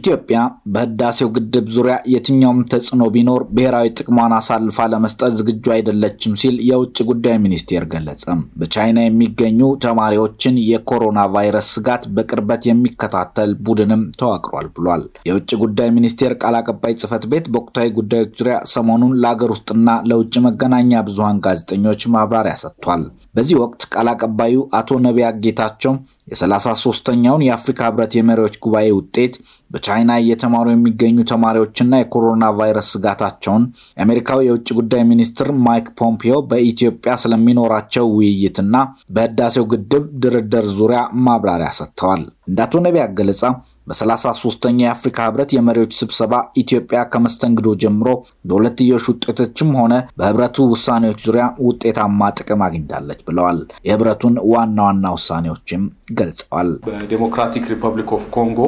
ኢትዮጵያ በህዳሴው ግድብ ዙሪያ የትኛውም ተጽዕኖ ቢኖር ብሔራዊ ጥቅሟን አሳልፋ ለመስጠት ዝግጁ አይደለችም ሲል የውጭ ጉዳይ ሚኒስቴር ገለጸ። በቻይና የሚገኙ ተማሪዎችን የኮሮና ቫይረስ ስጋት በቅርበት የሚከታተል ቡድንም ተዋቅሯል ብሏል። የውጭ ጉዳይ ሚኒስቴር ቃል አቀባይ ጽህፈት ቤት በወቅታዊ ጉዳዮች ዙሪያ ሰሞኑን ለአገር ውስጥና ለውጭ መገናኛ ብዙሃን ጋዜጠኞች ማብራሪያ ሰጥቷል። በዚህ ወቅት ቃል አቀባዩ አቶ ነቢያ ጌታቸው የ 33 የአፍሪካ ህብረት የመሪዎች ጉባኤ ውጤት በቻይና እየተማሩ የሚገኙ ተማሪዎችና የኮሮና ቫይረስ ስጋታቸውን የአሜሪካው የውጭ ጉዳይ ሚኒስትር ማይክ ፖምፒዮ በኢትዮጵያ ስለሚኖራቸው ውይይትና በህዳሴው ግድብ ድርድር ዙሪያ ማብራሪያ ሰጥተዋል። እንደ አቶ ነቢያ ገለጻ በ33ስተኛ የአፍሪካ ህብረት የመሪዎች ስብሰባ ኢትዮጵያ ከመስተንግዶ ጀምሮ በሁለትዮሽ ውጤቶችም ሆነ በህብረቱ ውሳኔዎች ዙሪያ ውጤታማ ጥቅም አግኝታለች ብለዋል። የህብረቱን ዋና ዋና ውሳኔዎችም ገልጸዋል። በዴሞክራቲክ ሪፐብሊክ ኦፍ ኮንጎ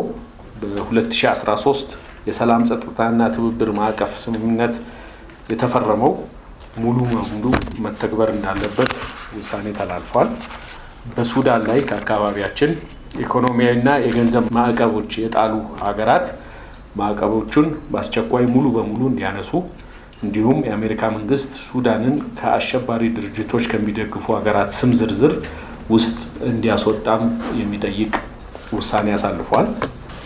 በ2013 የሰላም ጸጥታና ትብብር ማዕቀፍ ስምምነት የተፈረመው ሙሉ በሙሉ መተግበር እንዳለበት ውሳኔ ተላልፏል። በሱዳን ላይ ከአካባቢያችን ኢኮኖሚያዊና የገንዘብ ማዕቀቦች የጣሉ ሀገራት ማዕቀቦቹን በአስቸኳይ ሙሉ በሙሉ እንዲያነሱ እንዲሁም የአሜሪካ መንግስት ሱዳንን ከአሸባሪ ድርጅቶች ከሚደግፉ ሀገራት ስም ዝርዝር ውስጥ እንዲያስወጣም የሚጠይቅ ውሳኔ አሳልፏል።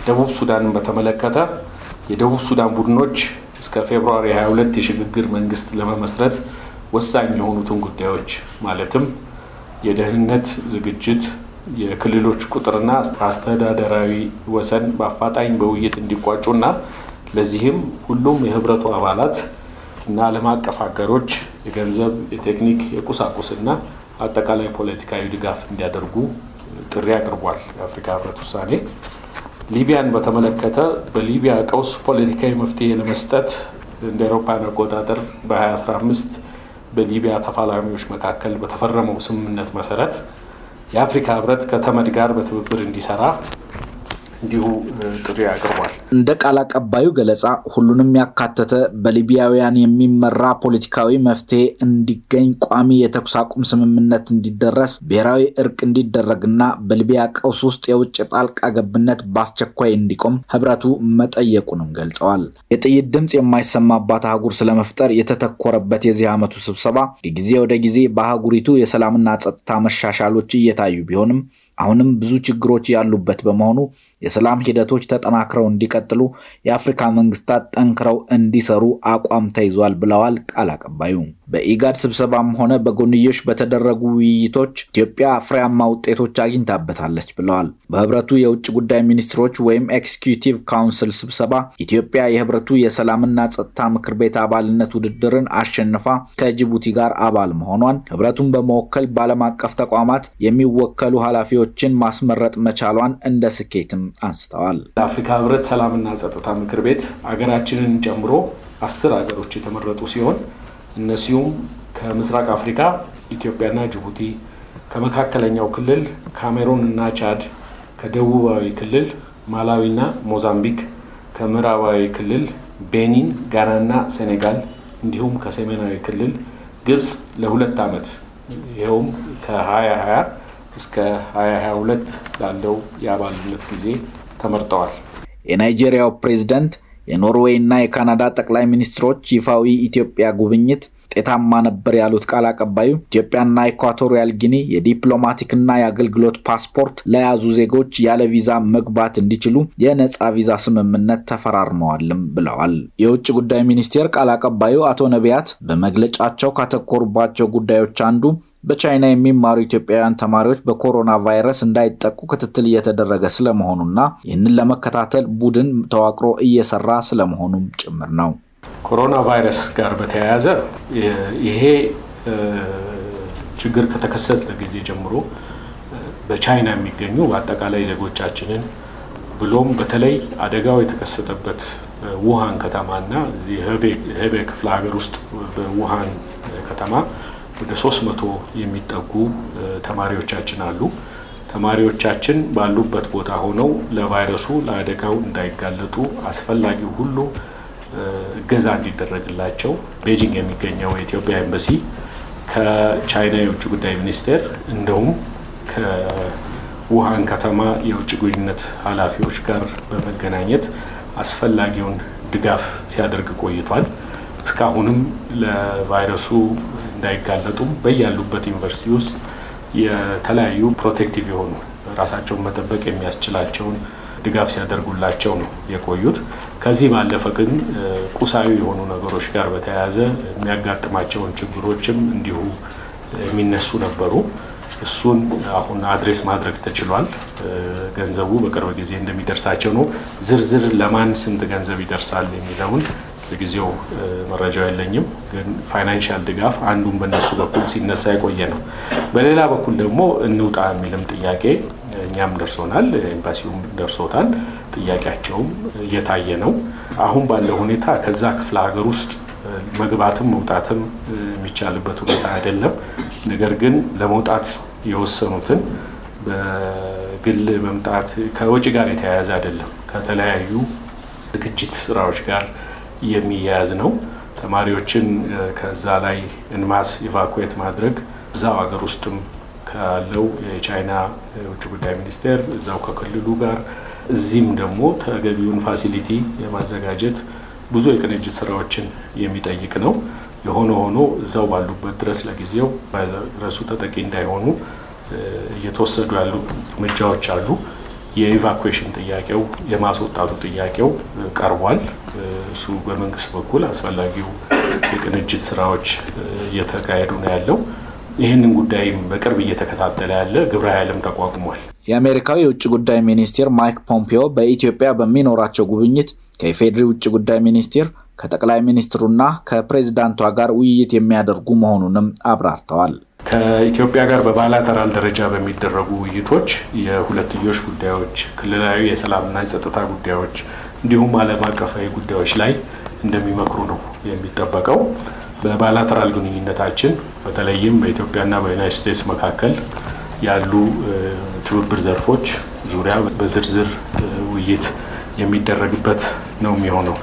ደቡብ ሱዳንን በተመለከተ የደቡብ ሱዳን ቡድኖች እስከ ፌብርዋሪ 22 የሽግግር መንግስት ለመመስረት ወሳኝ የሆኑትን ጉዳዮች ማለትም የደህንነት ዝግጅት የክልሎች ቁጥርና አስተዳደራዊ ወሰን በአፋጣኝ በውይይት እንዲቋጩና ለዚህም ሁሉም የህብረቱ አባላት እና ዓለም አቀፍ ሀገሮች የገንዘብ፣ የቴክኒክ፣ የቁሳቁስና አጠቃላይ ፖለቲካዊ ድጋፍ እንዲያደርጉ ጥሪ አቅርቧል። የአፍሪካ ህብረት ውሳኔ ሊቢያን በተመለከተ በሊቢያ ቀውስ ፖለቲካዊ መፍትሄ ለመስጠት እንደ አውሮፓውያን አቆጣጠር በ2015 በሊቢያ ተፋላሚዎች መካከል በተፈረመው ስምምነት መሰረት የአፍሪካ ህብረት ከተመድ ጋር በትብብር እንዲሰራ እንዲሁ ጥሪ ያቀርቧል። እንደ ቃል አቀባዩ ገለጻ ሁሉንም ያካተተ በሊቢያውያን የሚመራ ፖለቲካዊ መፍትሄ እንዲገኝ ቋሚ የተኩስ አቁም ስምምነት እንዲደረስ ብሔራዊ እርቅ እንዲደረግና በሊቢያ ቀውስ ውስጥ የውጭ ጣልቃ ገብነት በአስቸኳይ እንዲቆም ህብረቱ መጠየቁንም ገልጸዋል። የጥይት ድምፅ የማይሰማባት አህጉር ስለመፍጠር የተተኮረበት የዚህ ዓመቱ ስብሰባ ከጊዜ ወደ ጊዜ በአህጉሪቱ የሰላምና ጸጥታ መሻሻሎች እየታዩ ቢሆንም አሁንም ብዙ ችግሮች ያሉበት በመሆኑ የሰላም ሂደቶች ተጠናክረው እንዲቀጥሉ የአፍሪካ መንግስታት ጠንክረው እንዲሰሩ አቋም ተይዟል ብለዋል ቃል አቀባዩ። በኢጋድ ስብሰባም ሆነ በጎንዮሽ በተደረጉ ውይይቶች ኢትዮጵያ ፍሬያማ ውጤቶች አግኝታበታለች ብለዋል። በህብረቱ የውጭ ጉዳይ ሚኒስትሮች ወይም ኤክስኪዩቲቭ ካውንስል ስብሰባ ኢትዮጵያ የህብረቱ የሰላምና ጸጥታ ምክር ቤት አባልነት ውድድርን አሸንፋ ከጅቡቲ ጋር አባል መሆኗን ህብረቱን በመወከል በዓለም አቀፍ ተቋማት የሚወከሉ ኃላፊዎችን ማስመረጥ መቻሏን እንደ ስኬትም አንስተዋል። ለአፍሪካ ህብረት ሰላምና ጸጥታ ምክር ቤት አገራችንን ጨምሮ አስር አገሮች የተመረጡ ሲሆን እነሲሁም ከምስራቅ አፍሪካ ኢትዮጵያና ጅቡቲ፣ ከመካከለኛው ክልል ካሜሩን እና ቻድ፣ ከደቡባዊ ክልል ማላዊና ሞዛምቢክ፣ ከምዕራባዊ ክልል ቤኒን፣ ጋናና ሴኔጋል እንዲሁም ከሰሜናዊ ክልል ግብፅ ለሁለት ዓመት ይኸውም ከ2020 እስከ 2022 ላለው የአባልነት ጊዜ ተመርጠዋል። የናይጄሪያው ፕሬዝዳንት የኖርዌይ እና የካናዳ ጠቅላይ ሚኒስትሮች ይፋዊ ኢትዮጵያ ጉብኝት ውጤታማ ነበር ያሉት ቃል አቀባዩ ኢትዮጵያና ኢኳቶሪያል ጊኒ የዲፕሎማቲክና የአገልግሎት ፓስፖርት ለያዙ ዜጎች ያለ ቪዛ መግባት እንዲችሉ የነፃ ቪዛ ስምምነት ተፈራርመዋልም ብለዋል። የውጭ ጉዳይ ሚኒስቴር ቃል አቀባዩ አቶ ነቢያት በመግለጫቸው ካተኮሩባቸው ጉዳዮች አንዱ በቻይና የሚማሩ ኢትዮጵያውያን ተማሪዎች በኮሮና ቫይረስ እንዳይጠቁ ክትትል እየተደረገ ስለመሆኑና ይህንን ለመከታተል ቡድን ተዋቅሮ እየሰራ ስለመሆኑም ጭምር ነው። ኮሮና ቫይረስ ጋር በተያያዘ ይሄ ችግር ከተከሰተ ጊዜ ጀምሮ በቻይና የሚገኙ በአጠቃላይ ዜጎቻችንን ብሎም በተለይ አደጋው የተከሰተበት ውሃን ከተማና እዚህ ህቤ ክፍለ ሀገር ውስጥ በውሃን ከተማ ወደ 300 የሚጠጉ ተማሪዎቻችን አሉ። ተማሪዎቻችን ባሉበት ቦታ ሆነው ለቫይረሱ ለአደጋው እንዳይጋለጡ አስፈላጊው ሁሉ እገዛ እንዲደረግላቸው ቤጂንግ የሚገኘው የኢትዮጵያ ኤምባሲ ከቻይና የውጭ ጉዳይ ሚኒስቴር እንደውም ከውሃን ከተማ የውጭ ግንኙነት ኃላፊዎች ጋር በመገናኘት አስፈላጊውን ድጋፍ ሲያደርግ ቆይቷል። እስካሁንም ለቫይረሱ እንዳይጋለጡም በያሉበት ዩኒቨርሲቲ ውስጥ የተለያዩ ፕሮቴክቲቭ የሆኑ ራሳቸውን መጠበቅ የሚያስችላቸውን ድጋፍ ሲያደርጉላቸው ነው የቆዩት። ከዚህ ባለፈ ግን ቁሳዊ የሆኑ ነገሮች ጋር በተያያዘ የሚያጋጥማቸውን ችግሮችም እንዲሁ የሚነሱ ነበሩ። እሱን አሁን አድሬስ ማድረግ ተችሏል። ገንዘቡ በቅርብ ጊዜ እንደሚደርሳቸው ነው። ዝርዝር ለማን ስንት ገንዘብ ይደርሳል የሚለውን ለጊዜው መረጃው የለኝም፣ ግን ፋይናንሻል ድጋፍ አንዱን በእነሱ በኩል ሲነሳ የቆየ ነው። በሌላ በኩል ደግሞ እንውጣ የሚልም ጥያቄ እኛም ደርሶናል፣ ኤምባሲውም ደርሶታል። ጥያቄያቸውም እየታየ ነው። አሁን ባለው ሁኔታ ከዛ ክፍለ ሀገር ውስጥ መግባትም መውጣትም የሚቻልበት ሁኔታ አይደለም። ነገር ግን ለመውጣት የወሰኑትን በግል መምጣት ከውጭ ጋር የተያያዘ አይደለም፣ ከተለያዩ ዝግጅት ስራዎች ጋር የሚያያዝ ነው። ተማሪዎችን ከዛ ላይ እንማስ ኢቫኩዌት ማድረግ እዛው ሀገር ውስጥም ካለው የቻይና የውጭ ጉዳይ ሚኒስቴር እዛው ከክልሉ ጋር እዚህም ደግሞ ተገቢውን ፋሲሊቲ የማዘጋጀት ብዙ የቅንጅት ስራዎችን የሚጠይቅ ነው። የሆነ ሆኖ እዛው ባሉበት ድረስ ለጊዜው ቫይረሱ ተጠቂ እንዳይሆኑ እየተወሰዱ ያሉ እርምጃዎች አሉ። የኢቫኩዌሽን ጥያቄው የማስወጣቱ ጥያቄው ቀርቧል። እሱ በመንግስት በኩል አስፈላጊው የቅንጅት ስራዎች እየተካሄዱ ነው ያለው። ይህንን ጉዳይም በቅርብ እየተከታተለ ያለ ግብረ ኃይልም ተቋቁሟል። የአሜሪካው የውጭ ጉዳይ ሚኒስቴር ማይክ ፖምፒዮ በኢትዮጵያ በሚኖራቸው ጉብኝት ከኢፌዴሪ ውጭ ጉዳይ ሚኒስቴር ከጠቅላይ ሚኒስትሩና ከፕሬዚዳንቷ ጋር ውይይት የሚያደርጉ መሆኑንም አብራርተዋል። ከኢትዮጵያ ጋር በባይላተራል ደረጃ በሚደረጉ ውይይቶች የሁለትዮሽ ጉዳዮች፣ ክልላዊ የሰላምና የጸጥታ ጉዳዮች እንዲሁም ዓለም አቀፋዊ ጉዳዮች ላይ እንደሚመክሩ ነው የሚጠበቀው። በባይላተራል ግንኙነታችን በተለይም በኢትዮጵያና በዩናይት ስቴትስ መካከል ያሉ ትብብር ዘርፎች ዙሪያ በዝርዝር ውይይት የሚደረግበት ነው የሚሆነው።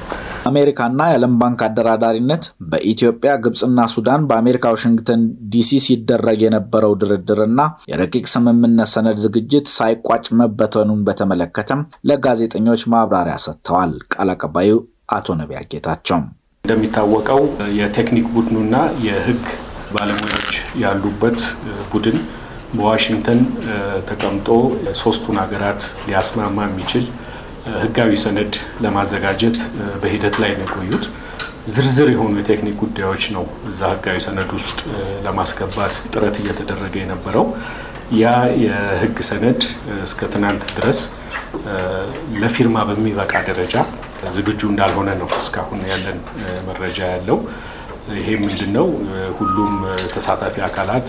አሜሪካና የዓለም ባንክ አደራዳሪነት በኢትዮጵያ ግብፅና ሱዳን በአሜሪካ ዋሽንግተን ዲሲ ሲደረግ የነበረው ድርድርና የረቂቅ ስምምነት ሰነድ ዝግጅት ሳይቋጭ መበተኑን በተመለከተም ለጋዜጠኞች ማብራሪያ ሰጥተዋል። ቃል አቀባዩ አቶ ነቢያ ጌታቸው እንደሚታወቀው የቴክኒክ ቡድኑና የህግ ባለሙያዎች ያሉበት ቡድን በዋሽንግተን ተቀምጦ ሶስቱን ሀገራት ሊያስማማ የሚችል ህጋዊ ሰነድ ለማዘጋጀት በሂደት ላይ ነው የቆዩት። ዝርዝር የሆኑ የቴክኒክ ጉዳዮች ነው እዛ ህጋዊ ሰነድ ውስጥ ለማስገባት ጥረት እየተደረገ የነበረው። ያ የህግ ሰነድ እስከ ትናንት ድረስ ለፊርማ በሚበቃ ደረጃ ዝግጁ እንዳልሆነ ነው እስካሁን ያለን መረጃ ያለው። ይሄ ምንድን ነው? ሁሉም ተሳታፊ አካላት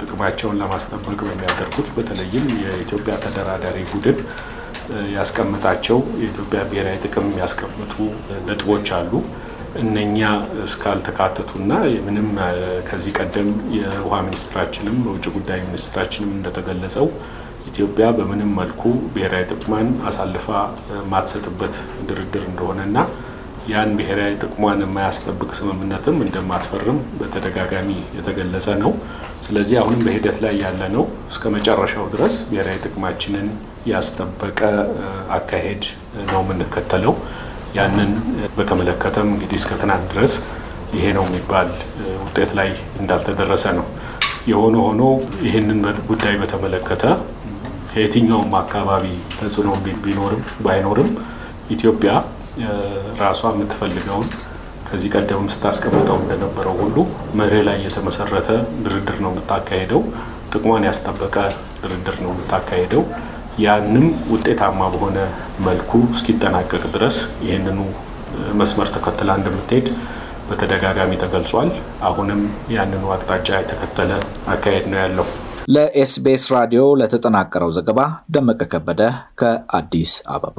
ጥቅማቸውን ለማስጠበቅ በሚያደርጉት በተለይም የኢትዮጵያ ተደራዳሪ ቡድን ያስቀምጣቸው የኢትዮጵያ ብሔራዊ ጥቅም የሚያስቀምጡ ነጥቦች አሉ። እነኛ እስካልተካተቱና ምንም ከዚህ ቀደም የውሃ ሚኒስትራችንም በውጭ ጉዳይ ሚኒስትራችንም እንደተገለጸው ኢትዮጵያ በምንም መልኩ ብሔራዊ ጥቅሟን አሳልፋ ማትሰጥበት ድርድር እንደሆነና ያን ብሔራዊ ጥቅሟን የማያስጠብቅ ስምምነትም እንደማትፈርም በተደጋጋሚ የተገለጸ ነው። ስለዚህ አሁንም በሂደት ላይ ያለ ነው። እስከ መጨረሻው ድረስ ብሔራዊ ጥቅማችንን ያስጠበቀ አካሄድ ነው የምንከተለው። ያንን በተመለከተም እንግዲህ እስከ ትናንት ድረስ ይሄ ነው የሚባል ውጤት ላይ እንዳልተደረሰ ነው። የሆነ ሆኖ ይህንን ጉዳይ በተመለከተ ከየትኛውም አካባቢ ተጽዕኖ ቢኖርም ባይኖርም ኢትዮጵያ ራሷ የምትፈልገውን ከዚህ ቀደም ስታስቀምጠው እንደነበረው ሁሉ መርህ ላይ የተመሰረተ ድርድር ነው የምታካሄደው። ጥቅሟን ያስጠበቀ ድርድር ነው የምታካሄደው። ያንም ውጤታማ በሆነ መልኩ እስኪጠናቀቅ ድረስ ይህንኑ መስመር ተከትላ እንደምትሄድ በተደጋጋሚ ተገልጿል። አሁንም ያንኑ አቅጣጫ የተከተለ አካሄድ ነው ያለው። ለኤስቢኤስ ራዲዮ ለተጠናቀረው ዘገባ ደመቀ ከበደ ከአዲስ አበባ